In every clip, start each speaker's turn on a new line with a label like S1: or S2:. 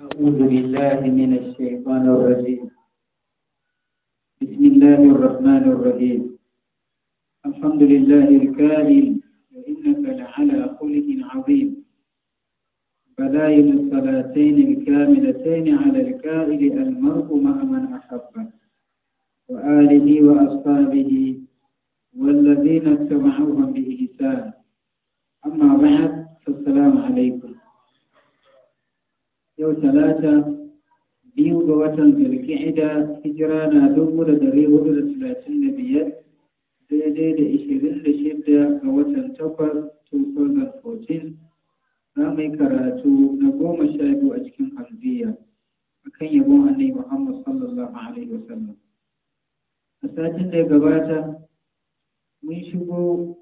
S1: أعوذ بالله من الشيطان الرجيم بسم الله الرحمن الرحيم الحمد لله الكريم وإنك لعلى خلق عظيم بدائل الصلاتين الكاملتين على الكائل المرء مع من أحبه وآله وأصحابه والذين اتبعوهم بإحسان أما بعد فالسلام عليكم yau talata biyu ga watan Ida, hijira na dubu da dari hudu da talatin da biyar daidai da ishirin da shida ga watan takwas 2014 za mu yi karatu na goma sha biyu a cikin hamziya akan yabon annabi muhammad sallallahu alaihi wasallam a satin da ya gabata mun shigo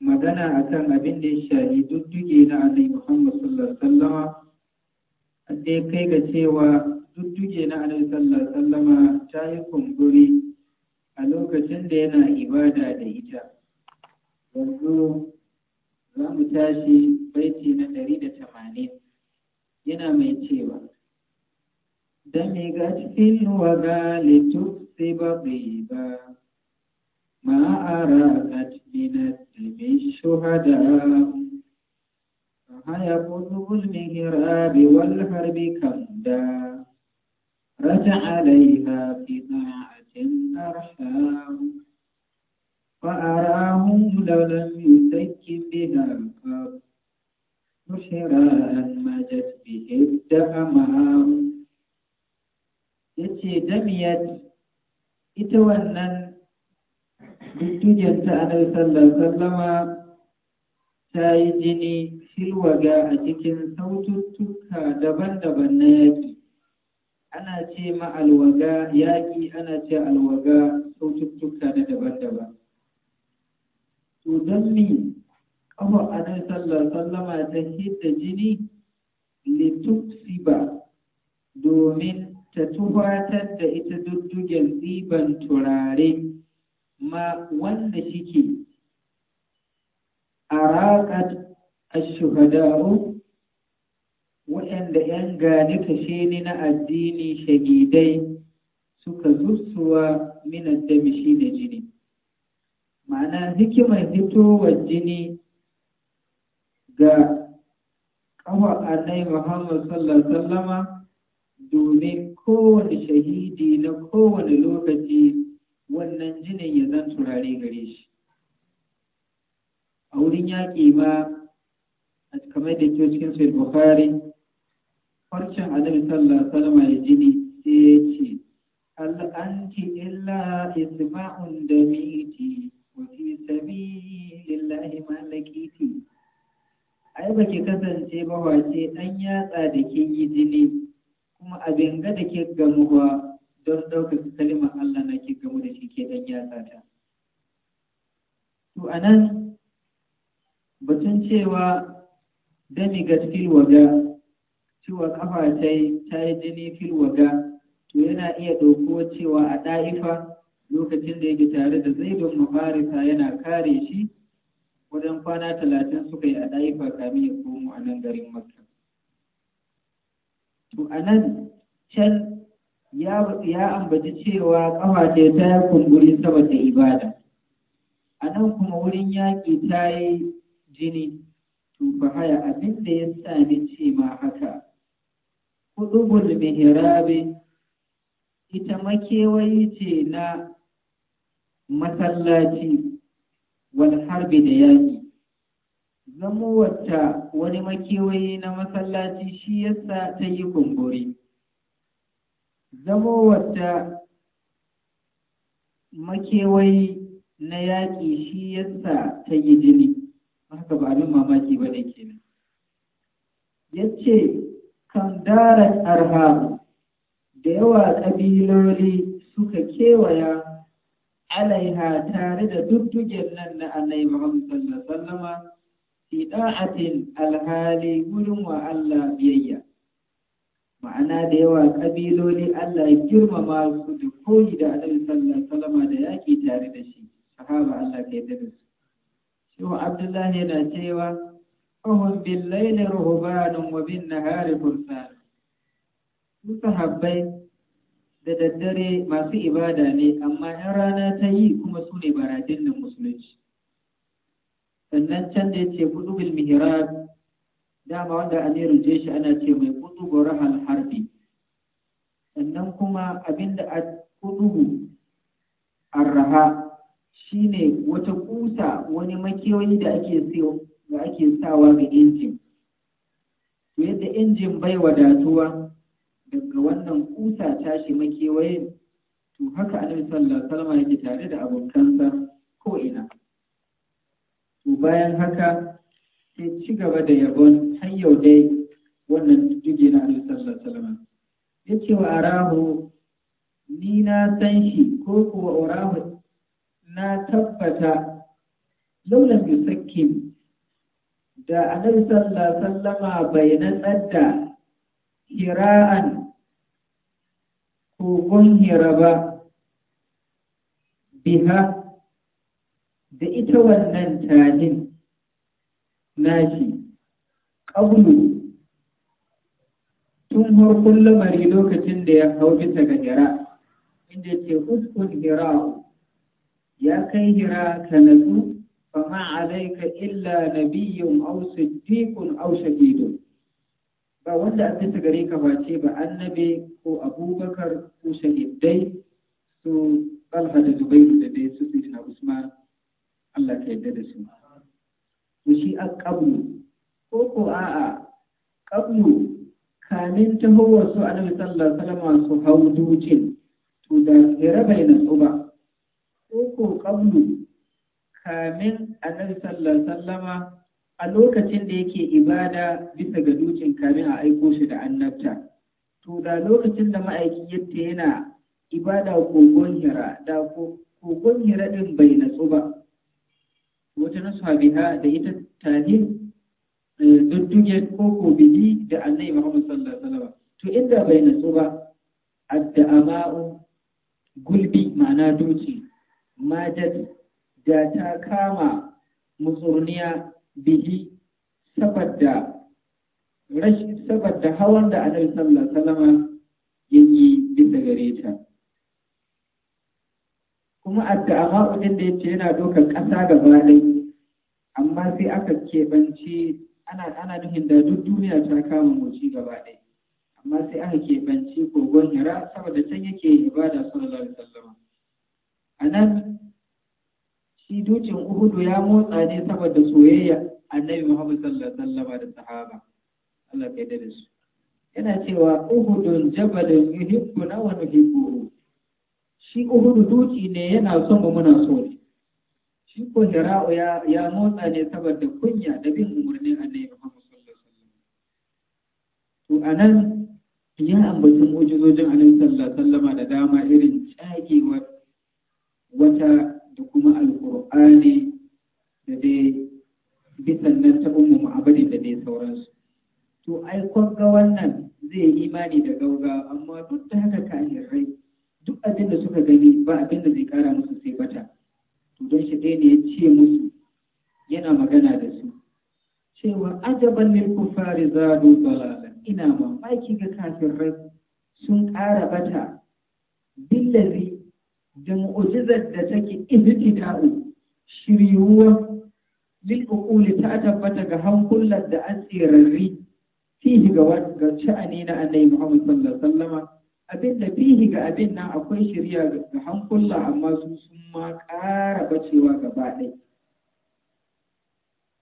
S1: magana akan abin da ya shahi dudduge na annabi muhammad sallallahu alaihi wasallam sai kai ga cewa duke na alaihi sallama ta yi kumburi a lokacin da yana ibada da ita yanzu za mu tashi baiti na ɗari da tamanin yana mai cewa sai ba. bai ba
S2: ma'ara
S1: a cikin na الدم shuhada. هيبوت بالمهراب والحرب كمدا رجع عليها في طاعة أرحام فأراهم لو لم يزك بها قط نحرا ما جت به الدمام yace damiyat ita wannan dukkan ta annabi sallallahu alaihi wasallama ta yi jini silwaga a cikin saututtuka daban-daban na yaƙi ana ce ma alwaga yaƙi ana ce alwaga saututtuka na daban-daban to don mi ƙafa anan sallar sallama ta hidda jini ba, domin ta tufatar da ita duddugen ɗiban turare ma wanda shike araƙat ashuhada'u waɗanda 'yan gani ni na addini shahidai suka zursuwa min da shi da jini ma'ana hikimar hitowar jini ga ƙawa annai muhammad sallallahu sallama domin kowane shahidi na kowane lokaci wannan jinin ya zan turare gare shi a wurin yaƙi ba kamar da ke cikin sai bukari farcin annabi sallallahu alaihi ya jini sai ya ce al'anti illa isma'un da miti wa fi sabilillahi malakiti ai ba ki kasance ba wace dan yatsa da ke yi jini kuma abin ga da ke gamu ba don ɗaukar kalimar Allah na ke gamu da shi ke dan yatsa ta to anan batun cewa ga fil waga cewa kafa ta yi ta jini fil waga to yana iya ɗauko cewa a ɗa'ifa lokacin da yake tare da zaidun mafarisa yana kare shi wajen kwana talatin suka yi a ɗa'ifa kamin ya komo a nan garin makka to a nan can ya ambaci cewa kafa ta ta yi kumburi saboda ibada a nan kuma wurin yaƙi ta yi jini to haya abin da ya sami ce ma haka Kudubul mihrabi ita makewayi ce na masallaci wal harbi da yaƙi zamo wata wani makewayi na masallaci shi yasa ta yi kumburi zamo wata makewayi na yaƙi shi yasa ta yi jini haka ba abin mamaki ba ne ke nan. ya ce kan darar arha da yawa ƙabilori suka kewaya alaiha tare da duddugen nan na annai mahamman sallallahu sallama, wasallama alhali gurin wa Allah biyayya ma'ana da yawa ƙabiloli Allah ya girmama su da koyi da annabi sallama da yaki tare da shi sahaba Allah ka yarda da su Ibn Abdullahi yana cewa Ohun billaili ruhubanun wa bin hari kusa.' Su habbai da daddare masu ibada ne, amma ‘yan rana ta yi kuma su ne baradin da musulunci. Sannan can da ya ce bil mihirar dama wanda Amiru Jeshi ana ce mai kudubu rahal harbi. Sannan kuma abinda a kudubu arraha shine wata kusa wani makiyoyi da ake da ake sawa ga injin to yadda injin bai wadatuwa daga wannan kusa tashi makewayin to haka annabi sallallahu alaihi wasallam yake tare da abokansa ko ina to bayan haka sai ci gaba da yabon har yau dai wannan duge na annabi sallallahu alaihi wasallam yace wa arahu ni na san shi ko kuwa arahu na tabbata laulan yusakin da annabi sallallahu alaihi wasallam bai natsar da hira'an kogon hira ba biha da ita wannan tanin nashi ƙablu tun farkon lamari lokacin da ya hau bisa ga hira inda ce uskun hira'u ya kai hira ka natsu fa ma alaika illa nabiyyun aw siddiqun aw shahidun ba wanda a bisa gare ka face ba annabi ko abubakar ko shahidai su talha da zubairu da dai su na usman allah ka yarda da su to shi a ƙablu ko ko a'a ƙablu kamin tahowar su annabi sallallahu alaihi wasallam su hau dukin to da hira bai natsu ba ko ko kamin annabi sallallahu sallama a lokacin da yake ibada bisa ga dukin kamin a aiko shi da annabta to da lokacin da ma'aikin yadda yana ibada kogon hira da kogon hira din bai natsu ba wata nasu habiha da ita tani eh, dudduge koko ko bili da annabi muhammad sallallahu alaihi wasallam to inda bai natsu ba adda ama'u gulbi ma'ana duci majad da ta kama musurniya bihi saboda rashin saboda hawan da annabi sallallahu alaihi wasallam yayi bisa gare ta kuma addu'a din da yace yana dokar ƙasa gaba ɗaya amma sai aka keɓance ana ana nufin da duk duniya ta kama moci gaba ɗaya amma sai aka keɓance kogon hira saboda can yake ibada sallallahu alaihi wasallam a nan shi dukin uhudu ya motsa ne saboda soyayya annabi muhammad sallallahu alaihi wasallam da sahaba Allah ya yarda su yana cewa uhudun jabalun yuhibbu na wa nuhibbu shi uhudu duki ne yana son mu muna so ne shi ko hira'u ya ya motsa ne saboda kunya da bin umarnin annabi muhammad sallallahu alaihi wasallam to anan ya ambaci mu'jizojin annabi sallallahu alaihi wasallam da dama irin cakewar wata da kuma alkur'ani da dai bisan nan ta ummu ma'abadin da dai sauransu to ai ga wannan zai yi imani da gauga amma duk da haka kafirai duk abin da suka gani ba abin da zai kara musu sai bata to don shi dai ne ya ce musu yana magana da su cewa ajaban lil kufari zadu dalalan ina mamaki ga kafirai sun ƙara bata billazi da mu'ujizar da take ibtida'i shiryuwar lil uquli ta tabbata ga hankulan da an tsirarri fihi ga ga sha'ani na annabi Muhammad sallallahu alaihi wasallama abin da fihi ga abin nan akwai shirya ga hankula amma su sun ma ƙara bacewa gaba ɗaya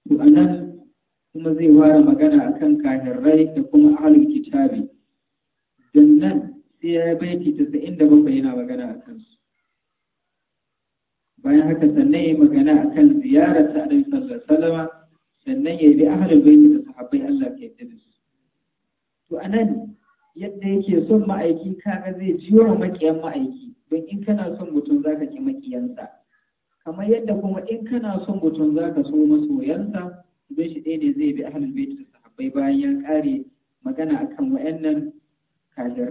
S1: to anan kuma zai ware magana akan kahirrai da kuma ahlul kitabi dan nan sai ya baiti 97 yana magana akan su bayan haka sannan ya yi magana a kan ziyarar ta alaihi sallallahu salama sannan ya yi ahalin baiti da sahabbai Allah ke yarda da su to anan yadda yake son ma'aiki kaga zai jiyo wa makiyan ma'aiki don in kana son mutum zaka ki makiyansa kamar yadda kuma in kana son mutum zaka so masoyansa zai shi ɗaya ne zai bi ahalin baiti da sahabai bayan ya ƙare magana akan wa'annan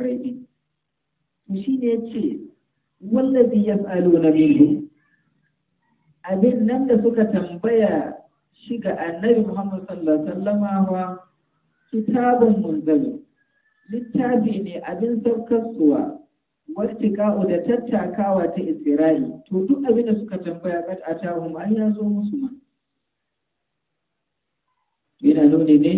S1: rai din shi ne ya ce wallazi yas'aluna minhu abin nan da suka tambaya shi ga annabi Muhammad sallallahu alaihi wasallam kitabun munzal littafi ne abin saukarsuwa wartika'u da tattakawa ta Isra'i to duk abin da suka tambaya a atahum an ya zo musu ma yana nuni ne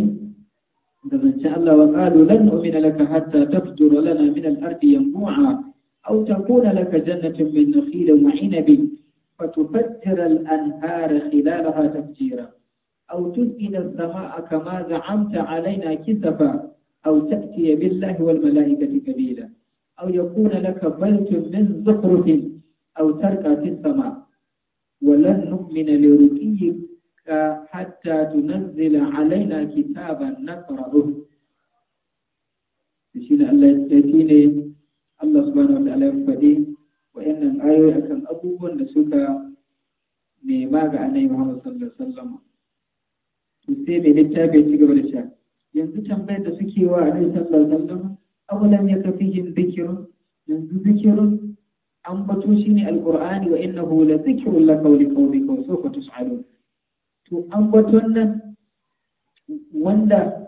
S1: da zance Allah wa qalu lan nu'mina laka hatta tafjura lana min al-ardi yanbu'a aw takuna laka jannatun min nakhilin wa 'inabin فتفجر الأنهار خلالها تفجيرا أو تزئن السماء كما زعمت علينا كسفا أو تأتي بالله والملائكة كبيلا أو يكون لك بيت من زخرف أو ترقى في السماء ولن نؤمن لرقيك حتى تنزل علينا كتابا نقرأه shi ne Allah ya ne Allah subhanahu wa ta'ala ya faɗi wayannan ayoyi akan abubuwan da suka nema ga annabi Muhammad sallallahu alaihi wasallam to sai mai littafi ya ci gaba da cewa yanzu tambayar da suke wa annabi sallallahu alaihi wasallam kafi yin dhikrun yanzu dhikrun an bato shi ne alqur'ani wa innahu la dhikrun la qawli qawlika wa sawfa tus'alun to an baton nan wanda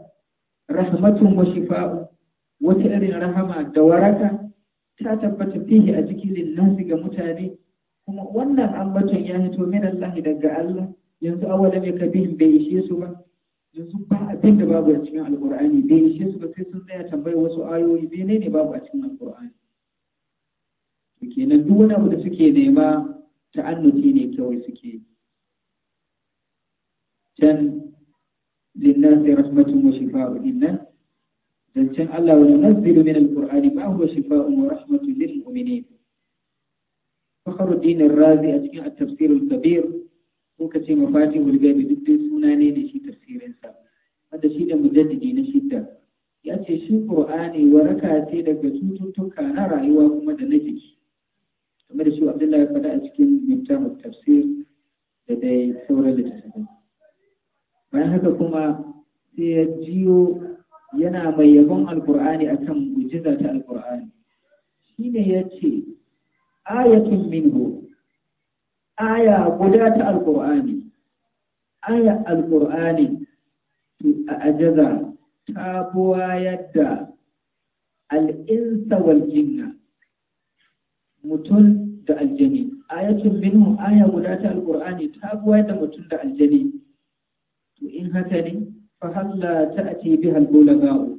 S1: rahmatun wa shifa'u wata irin rahama da waraka ta tabbata fihi a jiki lillahi ga mutane kuma wannan ambaton ya hito min Allah daga Allah yanzu awala ne ka bihin bai ishe su ba yanzu ba abin da babu a cikin alkur'ani bai ishe su ba sai sun tsaya tambayar wasu ayoyi bene ne babu a cikin alqur'ani to kenan duk wani abu da suke nema ta'annuti ne kawai suke yi can lillahi rahmatun wa shifa'u innan zancen Allah wani nazzilu min al-Qur'ani ma huwa shifaa'un wa rahmatun lil mu'minin Fakhruddin Razi a cikin at-tafsir al-kabir ko ka ce mafatihul ghaib duk suna ne da shi tafsirin sa wanda shi da mujaddidi na shidda ya ce shi qur'ani waraka ce daga cututtuka na rayuwa kuma da na jiki kamar da shi Abdullahi faɗa a cikin miftahut tafsir da dai sauran littattafai bayan haka kuma sai ya jiyo yana mai yabon alkur'ani akan mu'jiza ta alkur'ani ya ce ayatun minhu aya guda ta alkur'ani aya alkur'ani to a ajaza ta buwayar da al'insa wal jinna mutum da aljani ayatun minhu aya guda ta alkur'ani ta buwayar da mutum da aljani to in haka ne fahalla تأتي بها bi من هذا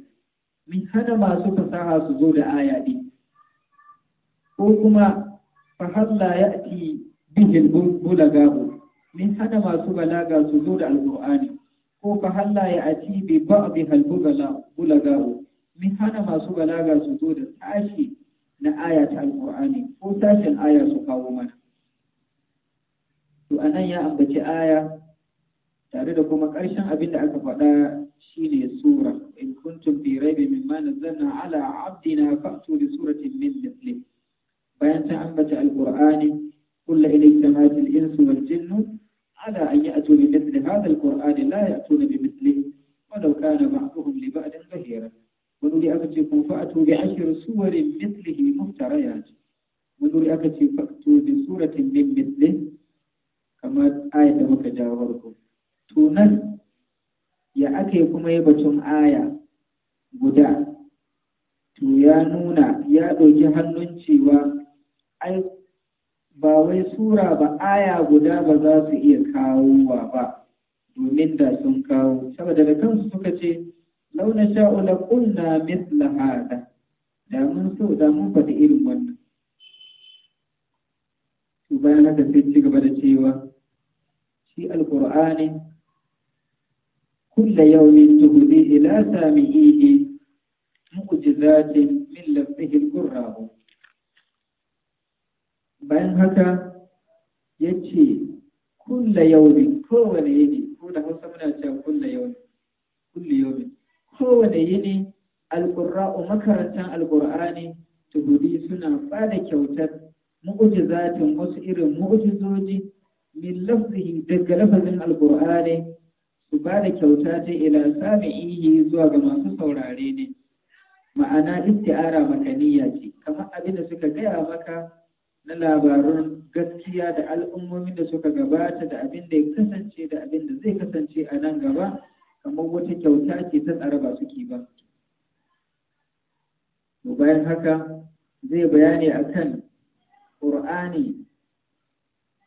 S1: min hana masu fasaha su zo da aya ɗin ko kuma fahalla ya ake bi halbola min hana masu balaga su zo da alƙur'ani ko fahalla ya bi bi na aya ta alƙur'ani ko tashin aya su kawo mana to anan ya ambaci aya tare da kuma ƙarshen abin da aka faɗa shine sura in kuntum fi raibin mimma nazzalna ala abdina fa'tu suratin min bayan ta ambata alqur'ani kullu ilayhi jama'at al-insu wal ala an ya'tu bi mithli hadha la bi kana ba'dhum li ba'din zahira wani wuri aka ce bi suwarin mithlihi wani wuri aka ce fa'tu bi suratin min kamar ayat da muka jawo Tunan ya aka yi kuma yi batun aya guda to ya nuna ya ɗauki hannun cewa ai ba wai sura ba aya guda ba za su iya kawowa ba domin da sun kawo saboda da kansu suka ce launa sha'u la kunna mithla hada da mun so da mun faɗi irin wannan to bayan haka sai ci gaba da cewa shi alqur'ani kulla yawmin tuhdi ila sami'ihi mu'jizatin min lafzihi al-qur'an bayan haka yace kulla yawmin kowane yini ko da Hausa muna cewa kulla yawmin kulli yawmin kowane yini alqurra'u makarantan alqur'ani tuhudi suna bada kyautar mu'jizatin wasu irin mu'jizoji min lafzihi daga lafazin alqur'ani su da kyauta ce ila sami'ihi zuwa ga masu saurare ne ma'ana isti'ara makaniya ce kamar abin da suka gaya maka na labarun gaskiya da al'ummomi da suka gabata da abin da ya kasance da abin da zai kasance a nan gaba kamar wata kyauta ce ta tsara ba suke ba bayan haka zai bayani akan Qur'ani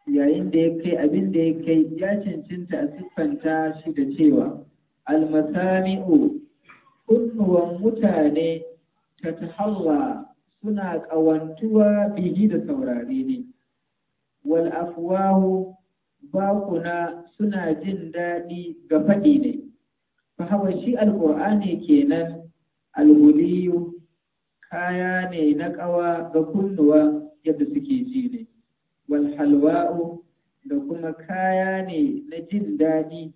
S1: yayin da ya kai abin da ya kai ya cancanta a siffanta shi da cewa almasami'u kunnuwan mutane ta tahalla suna ƙawantuwa bihi da saurare ne wal afwahu bakuna suna jin daɗi ga faɗi ne fa hawa shi alƙur'ani kenan alhuliyu kaya ne na ƙawa ga kunnuwa yadda suke ji ne wal halwa'u da kuma kaya ne na jin daɗi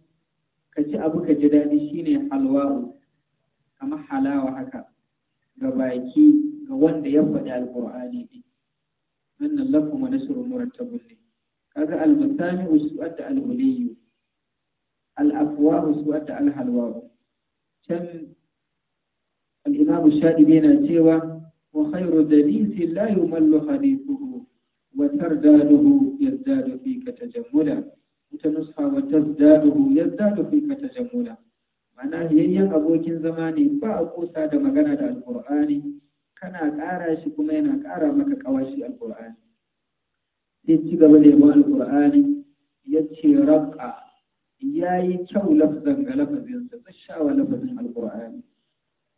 S1: ka ci abu ka ji daɗi shine halwa'u kamar halawa haka ga baki ga wanda ya faɗi alƙur'ani ne wannan lafin wani surun murattabun ne kaga almusami usu'at da alhuliyu al'afwa usu'at da alhalwawu can al'imamu shaɗi yana cewa wa khairu dalisi la yumallu hadithuhu وترداده يزداد فيك watar وتنصح وتزداده يزداد فيك تجملا ma'ana yayyan abokin zama ne ba ƙusa da magana da alkur'ani kana ƙara shi kuma yana ƙara maka kawashi alkur'ani sai ci gaba da yabon alkur'ani ya ce raƙa ya yi kyau lafzan ga lafazinsa tsasshawa lafazin alkur'ani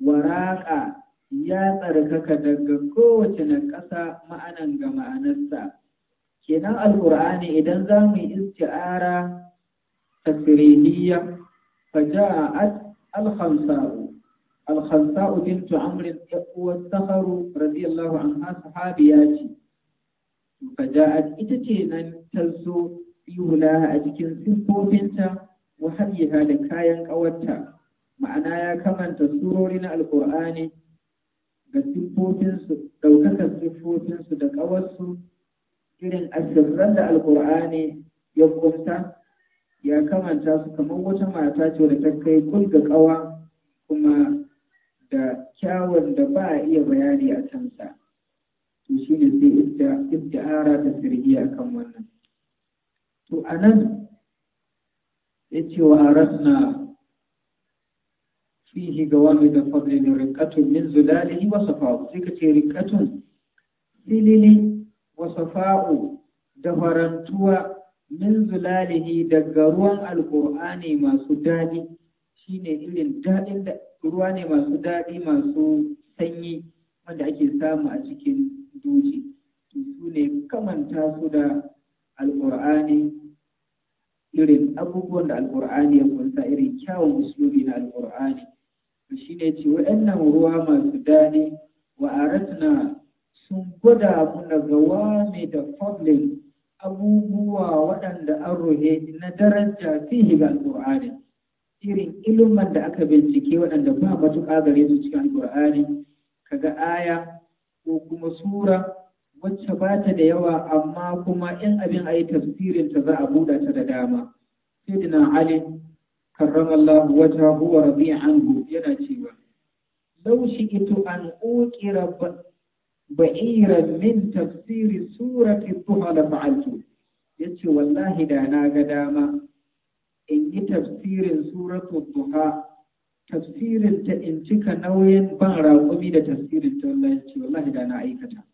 S1: wa raƙa ya tsarkaka daga kowace na ƙasa ma'anan ga ma'anarsa kenan alƙur'ani idan za mu yi isti'ara tasiriniya faja'at al-khamsa'u al-khamsa'u bin Tu'amrin uwar saharu radiyallahu anha ya ce faja'at ita ce nan ta zo hula a cikin siffofinta wa hayyaha da kayan ƙawarta ma'ana ya kamanta surori na alkur'ani da siffofinsu ɗaukakar siffofinsu da ƙawarsu irin asirran da alkur'ani ya kusa ya kamanta su kamar wata mata ce da ta kai kul ga ƙawa kuma da kyawun da ba a iya bayani a kansa to shi ne sai ibda'ara ta sirgi a kan wannan to a nan ya ce wa na. fihi ga wani da من زلاله min ذيك wa ni sai ka ce rikatun filili wa safa'u da farantuwa min daga ruwan alkur'ani masu shine irin daɗin da ruwa ne masu daɗi masu sanyi wanda ake samu a cikin duji su ne kamanta su da irin abubuwan da alkur'ani ya kunsa irin kyawun usulubi na alkur'ani shi ne ce wa'annan ruwa masu daɗi wa aratna sun gwada muna gawa mai da fablin abubuwa waɗanda an rohe na daraja fi ga alƙur'ani irin ilimin da aka bincike waɗanda ba matuƙa gare su cikin alƙur'ani kaga aya ko kuma sura wacce ba ta da yawa amma kuma in abin a yi tafsirin za a buɗa ta da dama sayyidina ali karrama Allah wajhahu wa radiya anhu yana cewa laushi ito an uqira ba'iran min tafsiri surati da la ya ce wallahi da na ga dama in yi tafsirin suratu duha tafsirin ta in cika nauyin ban raƙumi da tafsirin ta wallahi ce wallahi da na aikata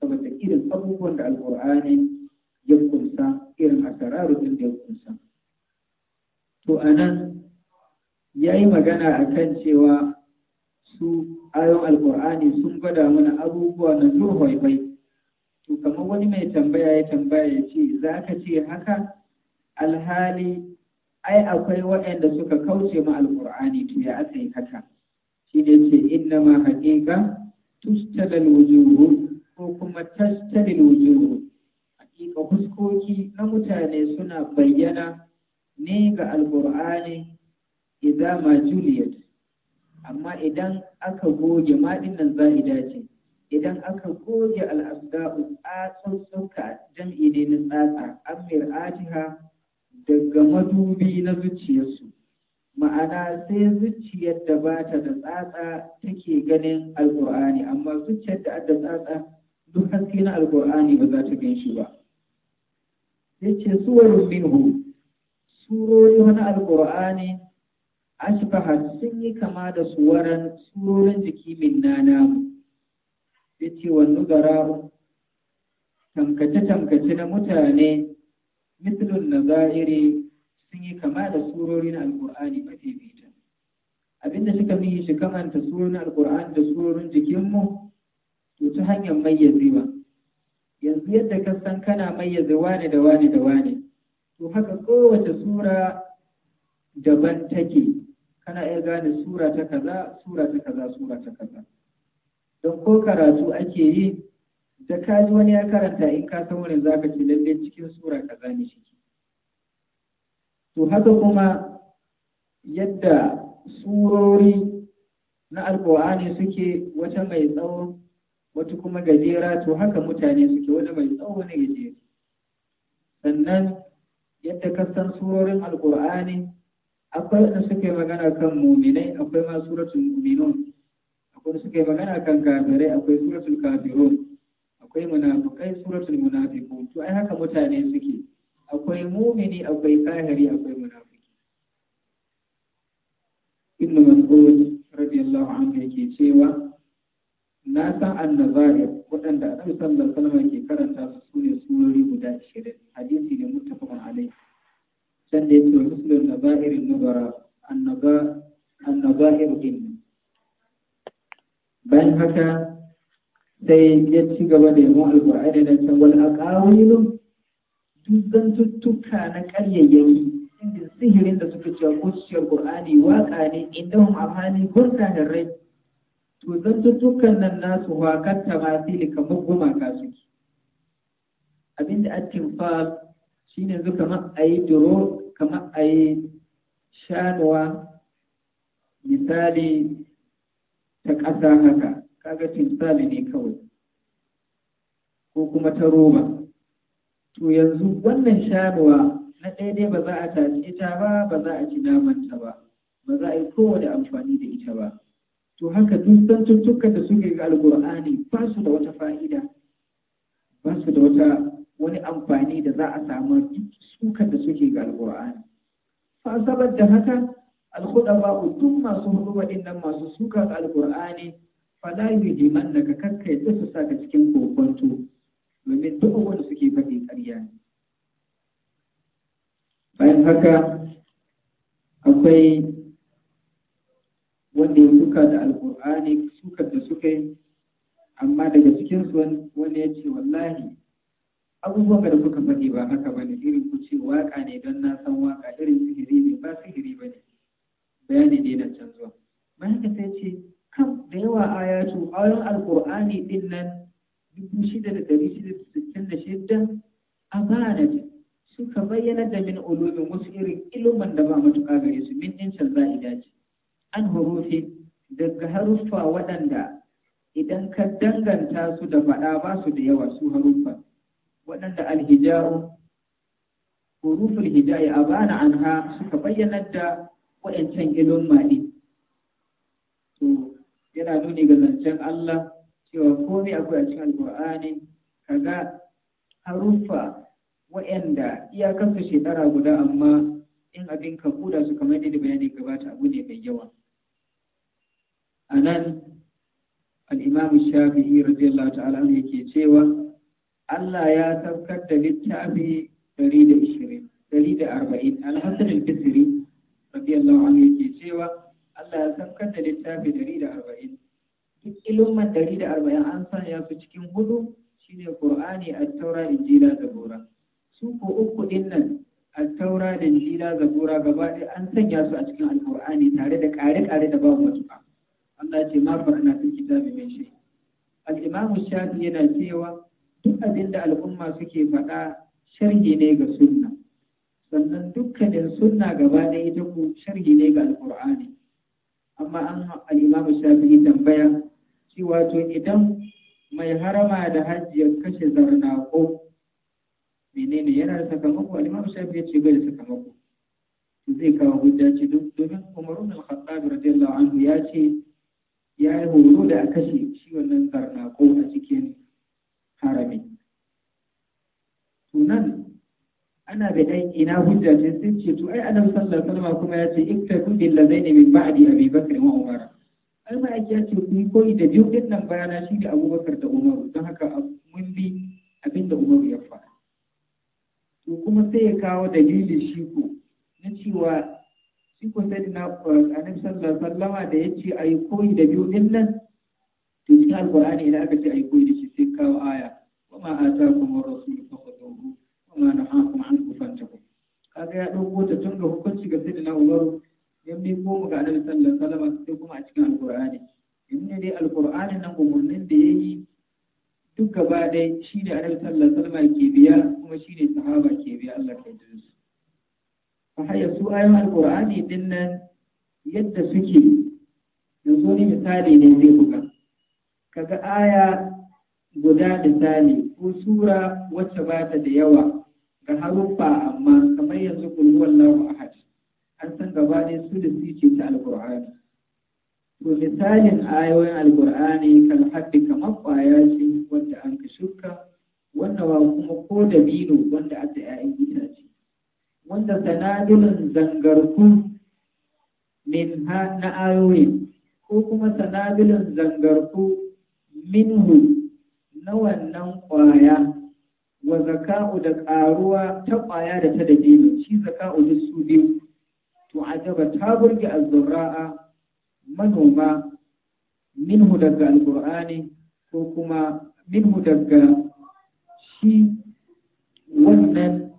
S1: saboda irin abubuwan da alƙur'ani ya kunsa irin asararu din da ya kunsa to a nan ya yi magana a kan cewa su ayon alkur'ani sun gwada mana abubuwa na bai. to kamar wani mai tambaya ya tambaya ya ce za ka ce haka alhali ai akwai waɗanda suka kauce ma alkur'ani to ya aka yi haka shi ne ce inna ma haƙiƙa tustalal wujuhu ko kuma tastalil wujuhu haƙiƙa fuskoki na mutane suna bayyana ni ga alƙur'ani idan ma juliet, amma idan aka goge maɗin nan za'ida ce idan aka goge al'asda'u tsatsauka jam'i ne na tsatsa an mir'atiha daga madubi na zuciyarsu ma'ana sai zuciyar da ba ta da tsatsa take ganin alƙur'ani amma zuciyar da da tsatsa duk haske na alƙur'ani ba za ta gan shi ba yace suwarun minhu surori wani alƙur'ani ashbaha sun yi kama da suwaran surorin jiki min na namu yace wannan gara tankace tankace na mutane mislun nazairi sun yi kama da surori na alƙur'ani mafifita abinda suka yi shi kamanta surorin alƙur'ani da surorin jikinmu to ta hanyar mayyazewa yanzu yadda ka san kana mayyaze wane da wane da wane to haka kowace sura daban take kana iya gane sura ta kaza sura ta kaza sura ta kaza don ko karatu ake yi da ka ji wani ya karanta in ka san wurin ka ce lalle cikin sura kaza ne shi to haka kuma yadda surori na alƙur'ani suke wata mai tsawo wata kuma gajera to haka mutane suke wata mai tsawo ne gajera sannan yadda san surorin alkur'ani akwai wanda suke magana kan muminai akwai ma suratul muminun akwai suke magana kan kafirai akwai suratul kafirun akwai munafikai suratul munafikun to ai haka mutane suke akwai mumini akwai kahiri akwai munafiki ibnu mas'ud radiyallahu anhu yake cewa na san annazari waɗanda annabi sallallahu alaihi ke karanta su sune surori guda 20 hadisi ne muttafaqun alaihi san da yake muslim nazairin nubara annaga annazahir din bayan haka sai ya ci gaba da yawan alqur'ani da ta wal ƙawarin duk zantuttuka na ƙaryayyaki inda sihirin da suka cewa kuciyar qur'ani waƙa ne indahum amani da rai to zantuttukan nan nasu wa kan tamasili kamar gumaka suke abinda shi shine yanzu kamar a yi duro kamar a yi shanuwa misali ta ƙasa haka kaga timsali ne kawai ko kuma ta roba to yanzu wannan shanuwa na ɗaya ne ba za a tashi ita ba ba za a ci namanta ba ba za a yi kowane amfani da ita ba to haka duk san da suke ga Alƙur'ani ba su da wata fa'ida ba su da wata wani amfani da za a samu sukan da suke ga Alƙur'ani. fa saboda haka alkhudaba duk masu hudu waɗannan masu suka ga alkur'ani fala yujiman daga kakkai da su saka cikin kokonto domin duk wanda suke faɗi ƙarya ne bayan haka akwai wanda ya suka da alkur'ani suka da suka yi amma daga cikinsu wani ya ce wallahi abubuwan da kuka faɗi ba haka ba ne irin ku ce waƙa ne don na san waƙa irin sihiri ne ba sihiri ba ne bayani ne na can zuwa bayan ka sai ce kam da yawa a ce ayon alkur'ani din nan dubu shida da ɗari shida da sittin da shida amanat suka bayyana da min ulumin wasu irin ilimin da ba matuƙa gare su min yancin za'ida ce an hurufi daga haruffa waɗanda idan ka danganta su da faɗa ba su da yawa su haruffa waɗanda alhijaru hurufin hijaya a bana anha suka bayyana da wa'yancan ilon maɗi to yana nuni ga zancen Allah cewa komai akwai a cikin alƙur'ani kaga haruffa waɗanda iyakarsu shekara guda amma in abin ka kuda su kamar yadda bayani gabata abu ne mai yawa a nan al'imamu shafi'i radiyallahu ta'ala ne ke cewa Allah ya saukar da littafi 120 140 alhassan al-bisri radiyallahu anhu ke cewa Allah ya saukar da littafi 140 duk ilimin 140 an ya fi cikin hudu shine Qur'ani a taura Injila Zabura su ko uku din nan taura da injila zabura gaba ɗaya an sanya su a cikin alkur'ani tare da ƙare-ƙare da babu matuƙa Allah ce ma farna fil kitabi mai shi al-imamu shafi yana cewa duk abin da al'umma suke faɗa sharhi ne ga sunna sannan dukkanin sunna gaba ɗaya ita ku sharhi ne ga alkur'ani amma an al-imamu shafi tambaya cewa to idan mai harama da hajjiyar kashe zarnako menene yana da sakamako al shafi ya ce bai da sakamako zai kawo hujja ce domin umaru na al-khattab radiyallahu anhu ya ce ya yi horo da a kashe shi wannan karnako a cikin harami tunan ana da ɗan ina hujja ce sun ce to ai annabi sallallahu alaihi kuma ya ce iktaku bil ladaini min ba'di abi bakr wa umar ai ma ake ce ku koyi da biyu din nan bayana shi da abubakar da Umaru, don haka mun bi abinda Umaru ya to kuma sai ya kawo dalilin shi ko na cewa shi ko sai da eh, annabi sallallahu alaihi da yace ayi koyi da biyu din nan to shi alqur'ani idan aka ce ayi koyi da shi sai kawo aya wa ma ataakum ar-rasul fakhuduhu wa ma nahakum anhu fantahu kaga ya dauko ta tun ga hukunci ga sayyidina Umar yan bi ko ga annabi sallallahu alaihi wasallam sai kuma a cikin alqur'ani in dai alqur'ani nan gumurnin da yayi duk gaba ɗaya shi ne annabi sallallahu alaihi wasallam ke biya kuma shi ne sahaba ke biya Allah ta yi su fa haya su ayoyin alqur'ani din nan yadda suke yanzu ni misali ne zai buga kaga aya guda misali ko sura wacce ba ta da yawa ga haruffa amma kamar yanzu kullu wallahu ahad an san gaba su da su ce ta alqur'ani misalin ayoyin alkur'ani kan haɗi kamar ƙwaya ce wanda an ka shuka wanda ba kuma ko da bino wanda yi ta ‘ya'yan ce. wanda sanadulun zangarku min na ayoyin ko kuma sanadulun zangarku minhu na wannan kwaya. wa zaka'u da ƙaruwa ta ƙwaya da ta da shi zaka'u duk su biyu to ajaba ta burge azzurra'a manoma minhu daga alkur'ani ko kuma minhu daga shi wannan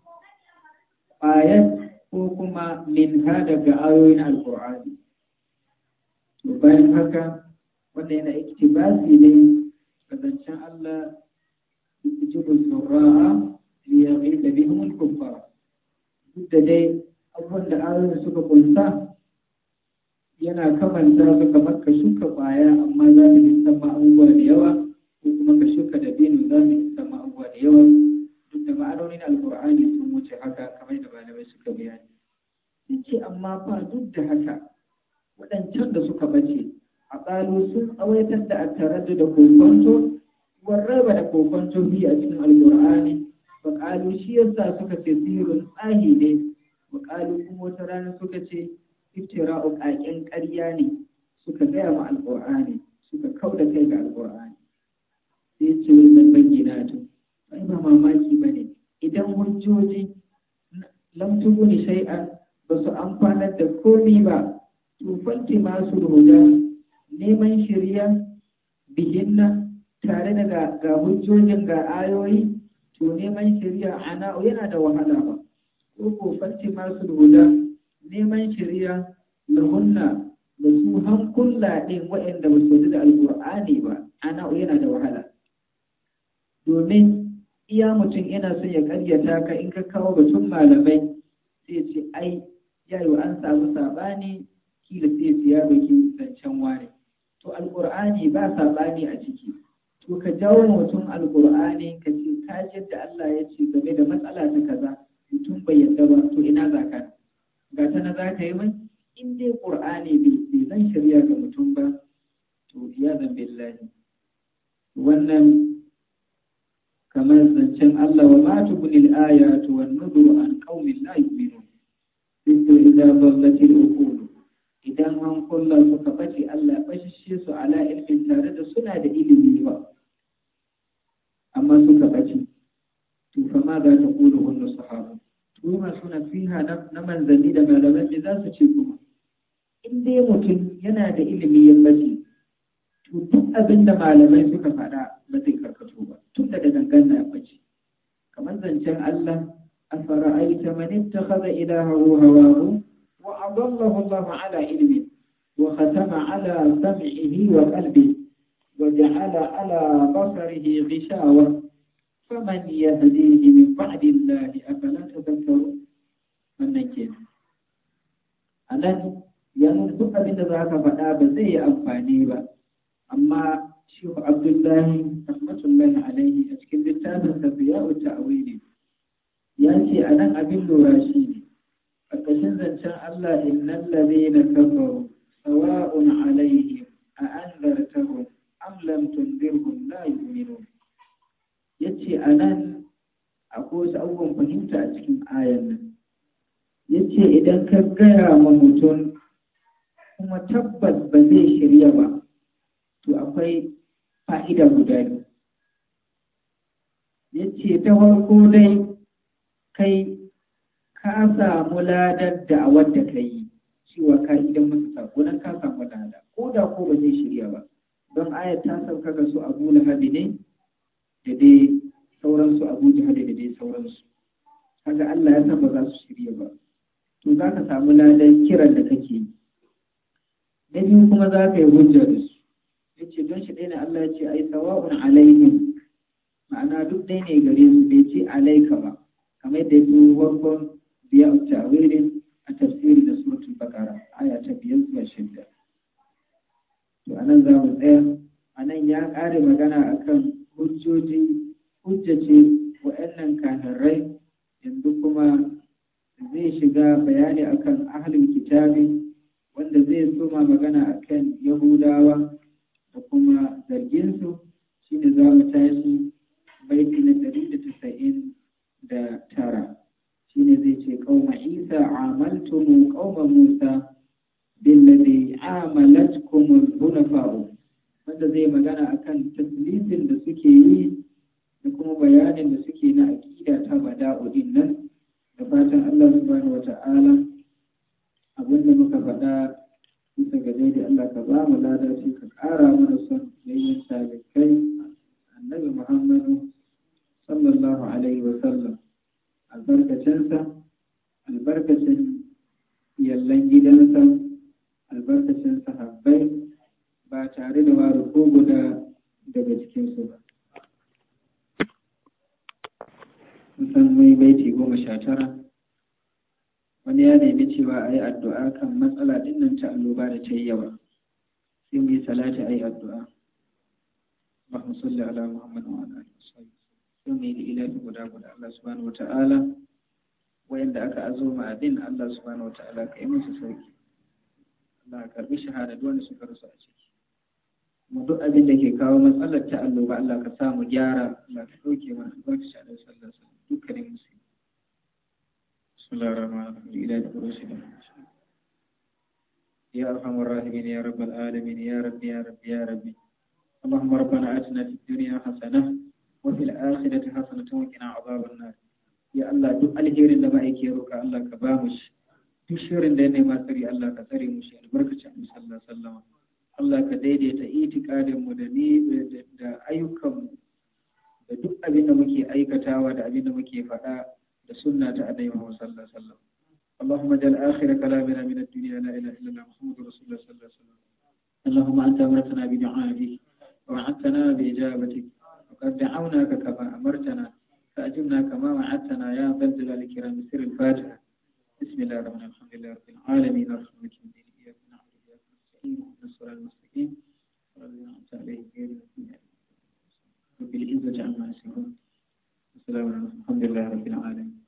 S1: ayat ko kuma minha daga ayoyin to bayan haka wannan yana iktibasi ne ga Allah jibin sauraha ya da bihimul kuffar duk da dai abubuwan da ayoyin suka kunsa yana kamanta su kamar ka shuka kwaya amma za ka yi sama abubuwa da yawa ko kuma ka shuka da benu za ka yi sama abubuwa da yawa duk da ma'anonin alkur'ani sun wuce haka kamar da malamai suka bayani yace amma fa duk da haka waɗancan da suka bace a ƙalu sun tsawaitar da attaradu da kokonto warraba da kokonto biyu a cikin alkur'ani wa ƙalu shi yasa suka ce sihirin tsahi ne wa ƙalu kuma wata rana suka ce iftira uƙaƙen ƙarya ne suka gaya ma alƙur'ani suka kauda kai ga alƙur'ani sai ce wannan bayyana to ai ba mamaki ba ne idan hujjoji lam tuguni shay'an ba su amfanar da komi ba tufalti masu roda neman shirya bihinna tare da ga hujjojin ga ayoyi to neman shirya ana yana da wahala ba ko ko fanti masu roda neman shirya da hunna da su hankula ɗin waɗanda ba su da alƙur'ani ba ana yana da wahala domin iya mutum yana son ya karyata ka in ka kawo batun malamai sai ce ai wa an samu saɓani kila sai ce ya baki zancen wani to alƙur'ani ba saɓani a ciki to ka jawo mutum alƙur'ani ka ce ka yadda Allah ya ce game da matsala ta kaza mutum bai yadda ba to ina za ka ga na za ka yi mai in dai ƙur'ani bai zan shirya ga mutum ba to ya zan billahi wannan kamar zancen Allah wa ma tubnil ayatu wa nuzur an qaumin la yu'minun bisu idza dhallatil uqul idan an kulla suka bace Allah bashishe su ala ilmin tare da suna da ilimi ba amma suka bace to ma za ta qulu wannan sahabu su suna nasiha na manzanni da malamai ne za su ce kuma in dai mutum yana da ilimi ya bace to duk abin da malamai suka faɗa ba zai karkato ba tun daga dangana ya bace kamar zancen Allah afara'aita man ittakhadha ilahahu hawahu wa adallahu Allah ala ilmi wa khatama ala sam'ihi wa qalbi wa ja'ala ala basarihi ghishawa faman yahdihi min ba'dillahi afala tadhakkarun wannan A nan, yanzu duk abin da za ka faɗa ba zai yi amfani ba amma shehu abdullahi rahmatullahi alaihi a cikin littafin sa biya'u ta'wili ya ce a nan abin lura shi ne ƙarƙashin zancen Allah innal na kafaru sawa'un alaihi a anzartahum am lam tunzirhum la yu'minun yace anan akwai wasu abubuwan fahimta a cikin ayan nan yace idan ka gaya ma mutum kuma tabbas ba zai shirya ba to akwai fa'ida guda biyu ya ce ta farko dai kai ka samu ladar da a wadda ka yi cewa ka idan masu sako nan ka samu lada ko da ko ba zai shirya ba don ayat ta sauka ga su abu habi ne da dai sauransu Abuja hada da dai sauransu haka Allah ya san za su shirya ba to za ka samu ladan kiran da kake yi da biyu kuma za ka yi hujja da su ya ce don shi ɗaya Allah ya ce ai sawa'un alaihim ma'ana duk ɗaya ne gare su bai ce alaika ba kamar da yi wakon biya tawirin a tafsiri da suratul bakara aya ta biyar zuwa shidda to anan za mu tsaya anan ya ƙare magana akan hujjoji hujjaci wa'annan kafirai yanzu kuma zai shiga bayani akan ahlul kitabi wanda zai soma magana akan yahudawa da kuma zarginsu shine za mu tashi baiti na ɗari da tasa'in da tara shine zai ce ƙauma isa amaltumu ƙauma musa amalatkum al hunafa'u wanda zai magana akan taslisin da suke yi da kuma bayanin da suke na aƙida ta bada'udin nan da fatan Allah subhanahu wata'ala ta'ala abinda muka faɗa bisa ga daidai Allah ka ba mu lada ka ƙara mana son yayin sabikai annabi Muhammadu sallallahu alaihi wa sallam albarkacinsa albarkacin yallan gidansa albarkacin sahabbai ba tare da waru ko guda daga cikinsu ba san mai baiti goma sha tara wani ya nemi cewa a yi addu'a kan matsala dinnan ta annoba da ta yi yawa sai mu yi salati a yi addu'a mu salli ala Muhammad wa ala alihi sai mu yi ilahi guda guda Allah subhanahu wa ta'ala wayanda aka azo ma abin Allah subhanahu wa ta'ala ka yi musu sauki Allah karbi shahada duk wanda suka rasu a ciki mu duk abin da ke kawo matsalar ta annoba Allah ka sa mu gyara Allah ka dauke mana albarka sha da sallar sa dukkanin musulmi bismillahir rahmanir rahim ila da ya arhamar rahimin ya rabbal alamin ya rabbi ya rabbi ya rabbi اللهم ربنا آتنا في الدنيا حسنة وفي الآخرة حسنة وقنا عذاب النار يا الله duk alherin da ma'aiki ya roka Allah ka ba shi duk shirin da ya nema tsari Allah ka tsare mu shi Allah ka daidaita itikadin mu da ni da ayyukan mu da duk abin da muke aikatawa da abin da muke faɗa da sunna ta annabi Muhammad sallallahu alaihi wasallam اللهم اجعل آخر كلامنا من الدنيا لا إله إلا الله محمد رسول الله صلى الله عليه وسلم اللهم أنت أمرتنا بدعائك ووعدتنا بإجابتك وقد دعوناك كما أمرتنا فأجبنا كما وعدتنا يا ذا الجلال الكرام سر الفاتحة بسم الله الرحمن الرحيم الحمد لله رب العالمين الرحمن الرحيم المستقيم ومن الصراط المستقيم صراط الذين أنعمت عليهم غير المغضوب رب العزة عما والسلام على الحمد لله رب العالمين